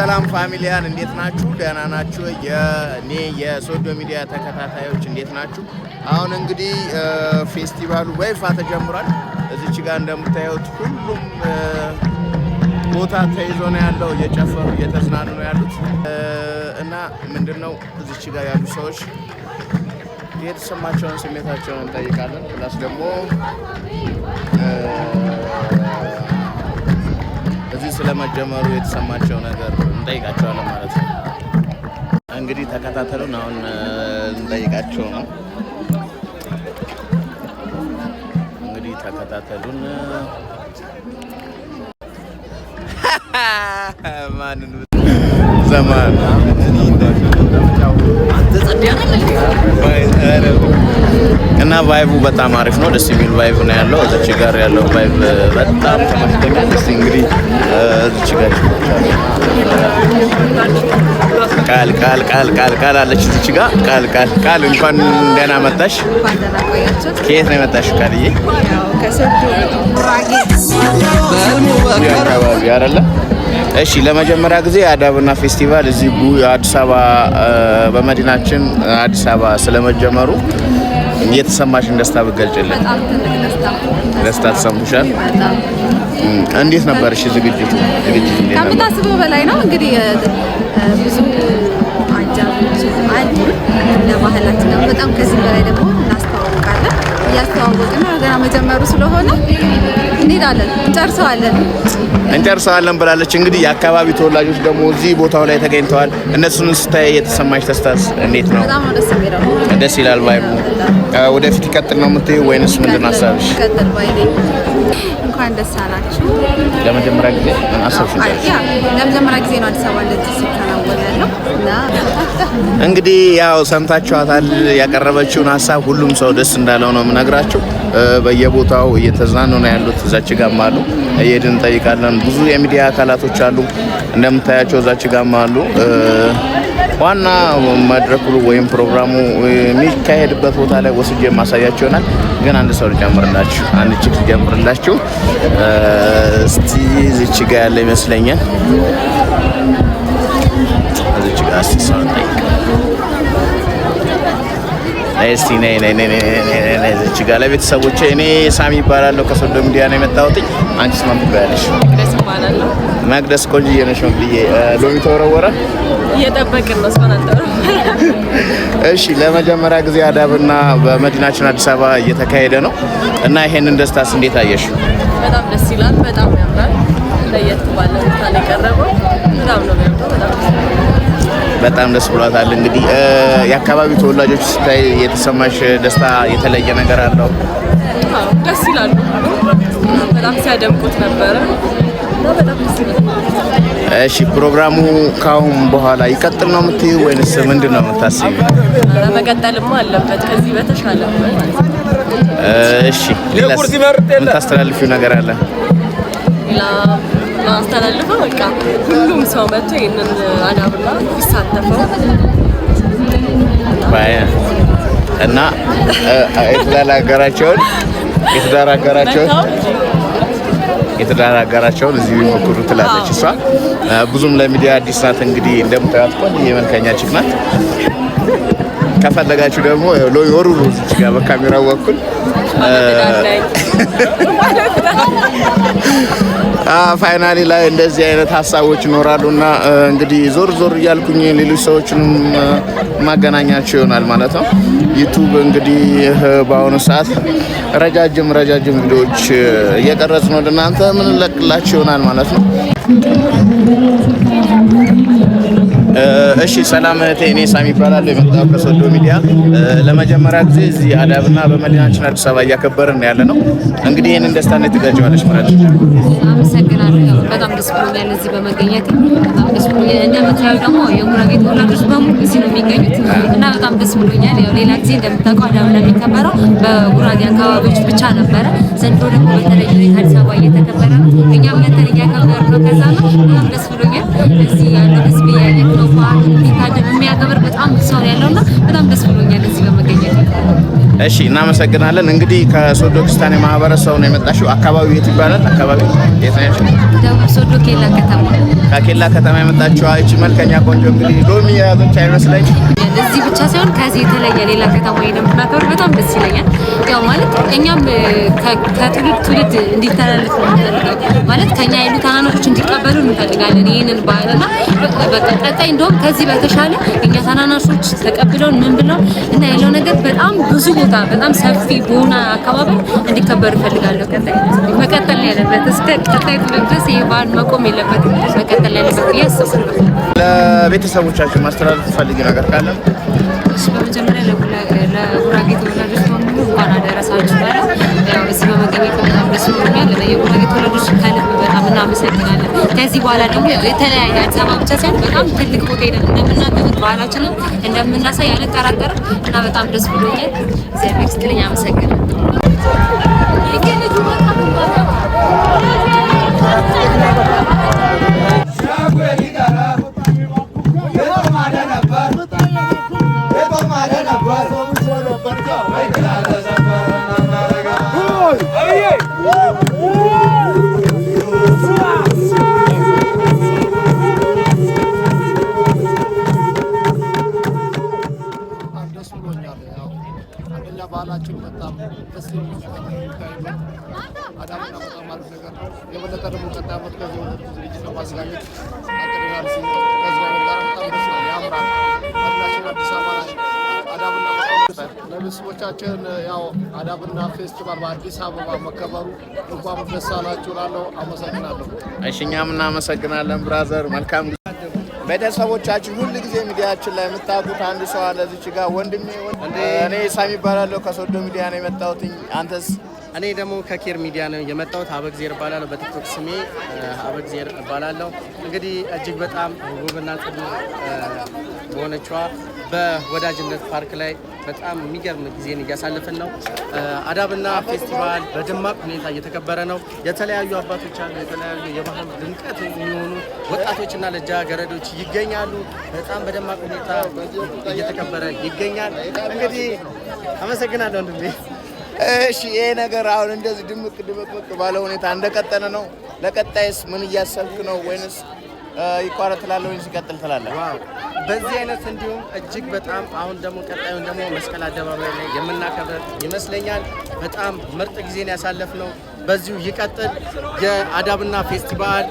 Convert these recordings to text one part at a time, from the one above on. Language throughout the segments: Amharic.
ሰላም ፋሚሊያን እንዴት ናችሁ? ደህና ናችሁ? የኔ የሶዶ ሚዲያ ተከታታዮች እንዴት ናችሁ? አሁን እንግዲህ ፌስቲቫሉ በይፋ ተጀምሯል። እዚች ጋር እንደምታዩት ሁሉም ቦታ ተይዞ ነው ያለው። እየጨፈሩ እየተዝናኑ ነው ያሉት እና ምንድን ነው እዚች ጋር ያሉ ሰዎች የተሰማቸውን ስሜታቸውን እንጠይቃለን። ፕላስ ደግሞ እዚህ ስለመጀመሩ የተሰማቸው ነገር እንጠይቃቸዋለን ማለት ነው። እንግዲህ ተከታተሉን። አሁን እንጠይቃቸው ነው። እንግዲህ ተከታተሉን። ማንን ዘማን እና ቫይቡ በጣም አሪፍ ነው። ደስ የሚል ቫይብ ነው ያለው። እዚች ጋር ያለው ቫይብ በጣም ተመችቶኛል። እስቲ እንግዲህ እዚች ጋር ቃል ቃል ቃል ቃል ቃል አለች። እዚች ጋር ቃል ቃል ቃል እንኳን ደህና መጣሽ። ከየት ነው የመጣሽው ቃልዬ? አካባቢ አይደለ? እሺ ለመጀመሪያ ጊዜ አዳብና ፌስቲቫል እዚህ አዲስ አበባ በመዲናችን አዲስ አበባ ስለመጀመሩ የተሰማሽን ደስታ ብገልጭልን። ደስታ ተሰምቶሻል? እንዴት ነበር? እሺ ዝግጅቱ ዝግጅቱ ከምታስበው በላይ ነው። እንግዲህ ብዙ አጃ ብዙ አይ ለባህላችን ነው በጣም ከዚህ በላይ ደግሞ እያስተዋወቅን ገና መጀመሩ ስለሆነ እንሄዳለን፣ እንጨርሰዋለን እንጨርሰዋለን ብላለች። እንግዲህ የአካባቢ ተወላጆች ደግሞ እዚህ ቦታው ላይ ተገኝተዋል። እነሱን ስታይ የተሰማች ተስታስ እንዴት ነው? ደስ ይላል። ባይ ወደፊት ይቀጥል ነው የምትይው ወይንስ ምንድን አሳብሽ? እንኳን ደስ አላችሁ። ለመጀመሪያ ጊዜ ለመጀመሪያ ጊዜ ነው አዲስ አበባ እንግዲህ ያው ሰምታችኋታል። ያቀረበችውን ሀሳብ ሁሉም ሰው ደስ እንዳለው ነው የምነግራችሁ። በየቦታው እየተዝናኑ ነው ያሉት። እዛች ጋም አሉ፣ እየሄድን እንጠይቃለን። ብዙ የሚዲያ አካላቶች አሉ እንደምታያቸው፣ እዛች ጋም አሉ። ዋና መድረኩ ወይም ፕሮግራሙ የሚካሄድበት ቦታ ላይ ወስጄ የማሳያቸው ይሆናል። ግን አንድ ሰው ልጨምርላችሁ፣ አንድ ችክ ልጨምርላችሁ። እስቲ ዝች ጋ ያለ ይመስለኛል ዳስሰውን ጠይቅ። እስቲ እዚች ጋር ለቤተሰቦቼ እኔ ሳሚ ይባላለሁ ከሶዶ ሚዲያ ነው የመጣሁት። አንቺስ ማን ትባያለሽ? መቅደስ ቆንጅዬ ነሽ። ሎሚ ተወረወረ እየጠበቅን ነው። እሺ ለመጀመሪያ ጊዜ አዳብና በመዲናችን አዲስ አበባ እየተካሄደ ነው እና ይሄንን ደስታስ እንዴት አየሽ? በጣም ደስ ይላል። በጣም ያምራል። ለየት ባለ ቦታ ነው የቀረበው። በጣም ነው የሚያምረው። በጣም ደስ ብሏታል። እንግዲህ የአካባቢው ተወላጆች ስታይ የተሰማሽ ደስታ የተለየ ነገር አለው? ደስ ይላሉ። በጣም ሲያደምቁት ነበረ። እሺ ፕሮግራሙ ካሁን በኋላ ይቀጥል ነው የምትይው ወይንስ ምንድን ነው የምታስቢው? መቀጠልማ አለበት ከዚህ በተሻለ እሺ፣ ሌላስ የምታስተላልፊው ነገር አለ? ማስተላልፈው በቃ ሁሉም ሰው መጥቶ ይህንን አዳብና ይሳተፈው እና የትዳር አጋራቸውን የትዳር አጋራቸውን የትዳር አጋራቸውን እዚህ ቢሞክሩ ትላለች እሷ። ብዙም ለሚዲያ አዲስ ናት። እንግዲህ እንደምታያት ቆንጆ ናት። ከፈለጋችሁ ደግሞ ሎ ወሩሩ እዚህ ጋር በካሜራው በኩል ፋይናሊ ላይ እንደዚህ አይነት ሀሳቦች ይኖራሉ እና እንግዲህ ዞር ዞር እያልኩኝ ሌሎች ሰዎችንም ማገናኛቸው ይሆናል ማለት ነው። ዩቱብ እንግዲህ በአሁኑ ሰዓት ረጃጅም ረጃጅም ቪዲዮዎች እየቀረጽ ነው እናንተ ምንለቅላቸው ይሆናል ማለት ነው። እሺ ሰላም እህቴ፣ እኔ ሳሚ ይባላል የመጣው ከሶዶ ሚዲያ። ለመጀመሪያ ጊዜ እዚህ አዳብና በመዲናችን አዲስ አበባ እያከበርን ያለ ነው። እንግዲህ ይህንን ደስታ እንዴት ትገልጪዋለሽ ማለት ነው? አመሰግናለሁ። በጣም ደስ ብሎኛል እዚህ በመገኘት በጣም ደስ ብሎኛል። እኛ እንደምታየው ደግሞ የጉራጌ ተወላጆች በሙሉ እዚህ ነው የሚገኙት እና በጣም ደስ ብሎኛል። ያው ሌላ ጊዜ እንደምታውቀው አዳብና የሚከበረው በጉራጌ አካባቢዎች ብቻ ነበረ። ዘንድሮ ደግሞ በተለይ አዲስ አበባ እየተከበረ ነው። እኛም በተለይ አካባቢ ነው። ከዛ ነው በጣም ደስ ብሎኛል እዚህ ያለው ህዝብ ያለ የሚያከብር በጣም ሰው ያለውና በጣም ደስ ብሎኛል እዚህ በመገኘት እሺ እናመሰግናለን። እንግዲህ ከሶዶ ክስታኔ ማህበረሰብ ነው የመጣሽው። አካባቢው የት ይባላል? አካባቢ የት ነው ያልሽው? ሶዶ ኬላ ከተማ። ከኬላ ከተማ የመጣችው እቺ መልከኛ ቆንጆ እንግዲህ ሎሚ የያዘች አይመስለኝ። እዚህ ብቻ ሳይሆን ከዚህ የተለየ ሌላ ከተማ ሄደን ብናከብር በጣም ደስ ይለኛል። ያው ማለት እኛም ከትውልድ ትውልድ እንዲተላለፍ ነው የምንፈልገው። ማለት ከኛ ያሉ ታናናሾች እንዲቀበሉ እንፈልጋለን ይህንን ባህልና በቀጣይ እንደውም ከዚህ በተሻለ እኛ ታናናሾች ተቀብለውን ምን ብለው እና ያለው ነገር በጣም ብዙ ቦታ በጣም ሰፊ በሆነ አካባቢ እንዲከበር እፈልጋለሁ። ቀጣይ መቀጠል ያለበት እስከ ቀጣይ ድረስ ይህ ባህል መቆም የለበትም፣ መቀጠል ያለበት ብዬ ለቤተሰቦቻችን ማስተላለፍ ትፈልጊ ነገር ካለ? በመጀመሪያ ለጉራጌ ተወላጆች በሙሉ እንኳን አደረሳችሁ ማለት እዚህ በመገኘት በጣም ደስ ብሎኛል። ለየጉራጌ ተወላጆች ከልብ በጣም እናመሰግናለን። ከዚህ በኋላ ደግሞ የተለያየ አዲስ አበባ ብቻ ሳይሆን በጣም ትልቅ ቦታ ሄደን እንደምናገምት ባህላችንን እንደምናሳይ አልጠራጠርም እና በጣም ደስ ብሎኛል። እግዚአብሔር ይስጥልኝ። አመሰግናለሁ። እኛ ባህላችን በጣም ደስ የሚል ነገር ነው። የበለጠ ደግሞ ከዚህ ወደ ዝግጅት ለማዘጋጀት ለቤተሰቦቻችን ያው አዳብና ፌስቲቫል በአዲስ አበባ መከበሩ እንኳን ደስ አላችሁ እላለሁ። አመሰግናለሁ። እሺ እኛም እናመሰግናለን ብራዘር መልካም ቤተሰቦቻችን ሁል ጊዜ ሚዲያችን ላይ የምታውቁት አንድ ሰው አለ እዚች ጋር ወንድሜ። እኔ ሳሚ ይባላለሁ ከሶዶ ሚዲያ ነው የመጣሁት። አንተስ? እኔ ደግሞ ከኬር ሚዲያ ነው የመጣሁት። አበግዜር እባላለሁ። በቲክቶክ ስሜ አበግዜር እባላለሁ። እንግዲህ እጅግ በጣም ውብና ጥሩ በሆነችዋ በወዳጅነት ፓርክ ላይ በጣም የሚገርም ጊዜን እያሳለፍን ነው። አዳብና ፌስቲቫል በደማቅ ሁኔታ እየተከበረ ነው። የተለያዩ አባቶች አሉ። የተለያዩ የባህል ድምቀት የሚሆኑ ወጣቶችና ልጃገረዶች ይገኛሉ። በጣም በደማቅ ሁኔታ እየተከበረ ይገኛል። እንግዲህ አመሰግናለሁ ወንድሜ። እሺ ይሄ ነገር አሁን እንደዚህ ድምቅ ድምቅ ባለ ሁኔታ እንደቀጠለ ነው። ለቀጣይስ ምን እያሰብክ ነው ወይንስ ይቋረጥ ትላለህ ወይ ሲቀጥል ትላለህ? በዚህ አይነት እንዲሁም እጅግ በጣም አሁን ደግሞ ቀጣዩን ደግሞ መስቀል አደባባይ ላይ የምናከብር ይመስለኛል። በጣም ምርጥ ጊዜን ያሳለፍነው በዚሁ ይቀጥል። የአዳብና ፌስቲቫል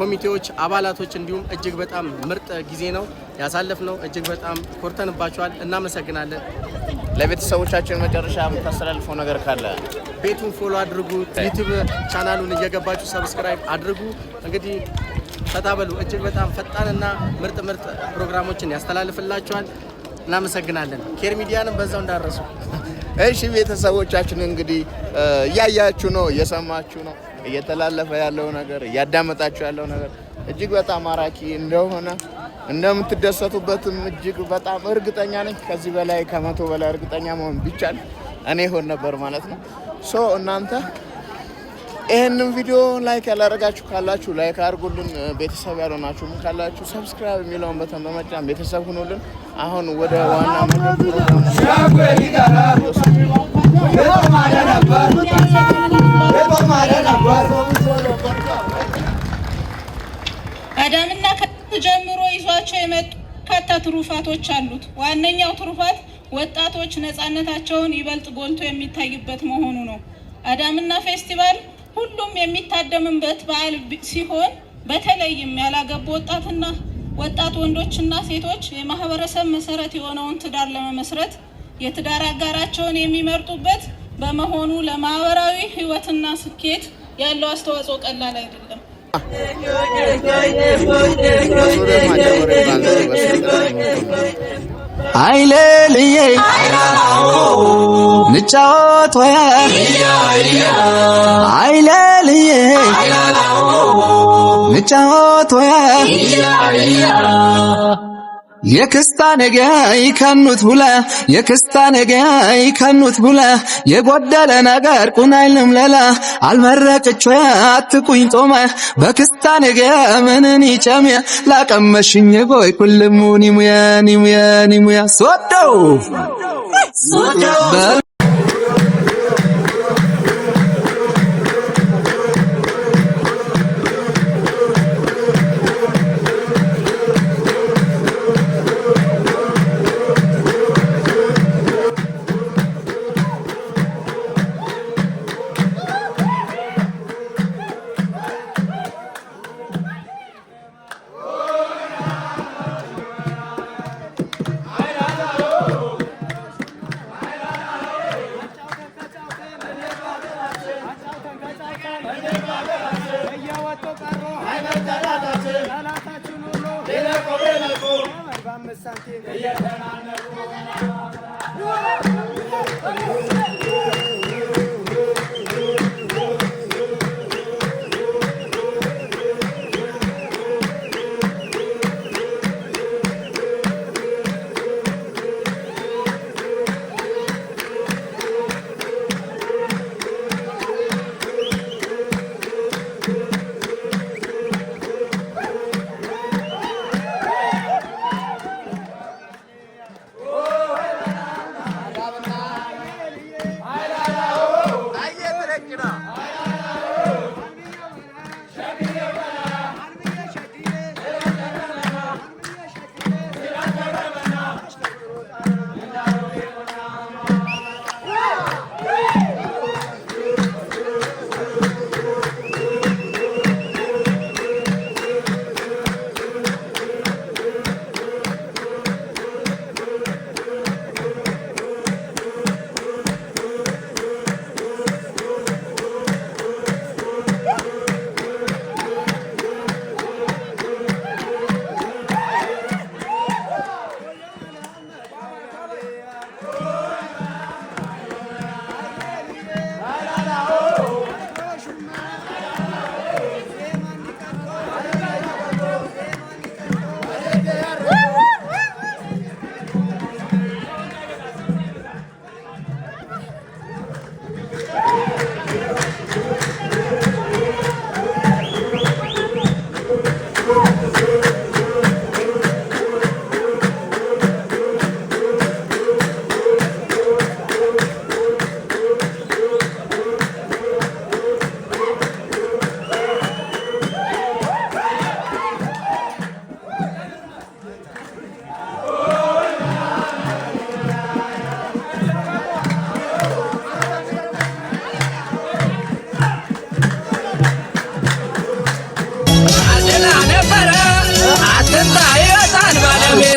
ኮሚቴዎች አባላቶች እንዲሁም እጅግ በጣም ምርጥ ጊዜ ነው ያሳለፍነው። እጅግ በጣም ኮርተንባችኋል። እናመሰግናለን። ለቤተሰቦቻችን መጨረሻ የምታስተላልፈው ነገር ካለ? ቤቱን ፎሎ አድርጉ። ዩቱብ ቻናሉን እየገባችሁ ሰብስክራይብ አድርጉ። እንግዲህ ፈታበሉ እጅግ በጣም ፈጣንና ምርጥ ምርጥ ፕሮግራሞችን ያስተላልፍላቸዋል። እናመሰግናለን። ኬር ሚዲያንም በዛው እንዳረሱ። እሺ ቤተሰቦቻችን እንግዲህ እያያችሁ ነው፣ እየሰማችሁ ነው፣ እየተላለፈ ያለው ነገር እያዳመጣችሁ ያለው ነገር እጅግ በጣም ማራኪ እንደሆነ እንደምትደሰቱበትም እጅግ በጣም እርግጠኛ ነኝ። ከዚህ በላይ ከመቶ በላይ እርግጠኛ መሆን ቢቻል እኔ ሆን ነበር ማለት ነው ሶ እናንተ ይህንም ቪዲዮ ላይክ ያላረጋችሁ ካላችሁ ላይክ አድርጉልን። ቤተሰብ ያልሆናችሁ ምን ካላችሁ ሰብስክራይብ የሚለውን በተን በመጫን ቤተሰብ ሁኑልን። አሁን ወደ ዋና አዳምና ጀምሮ ይዟቸው የመጡ በርካታ ትሩፋቶች አሉት። ዋነኛው ትሩፋት ወጣቶች ነፃነታቸውን ይበልጥ ጎልቶ የሚታይበት መሆኑ ነው። አዳምና ፌስቲቫል ሁሉም የሚታደምበት በዓል ሲሆን በተለይም ያላገቡ ወጣትና ወጣት ወንዶችና ሴቶች የማህበረሰብ መሰረት የሆነውን ትዳር ለመመስረት የትዳር አጋራቸውን የሚመርጡበት በመሆኑ ለማህበራዊ ህይወትና ስኬት ያለው አስተዋጽኦ ቀላል አይደለም። አይለ ልዬ ንጫወት ወያ አይለ ልዬ ንጫወት ወያ የክስታ ነገይ ከኑት ብለ የክስታ ነገይ ከኑት ብለ የጎደለ ነገር ቁናይ ልምለላ አልመረቅቾ አትቁኝ ጦመ በክስታ ነገ ምንን ይጨም ላቀመሽኝ ጎይ ኩልሙኒ ሙያኒ ሙያኒ ሙያ ሶዶ me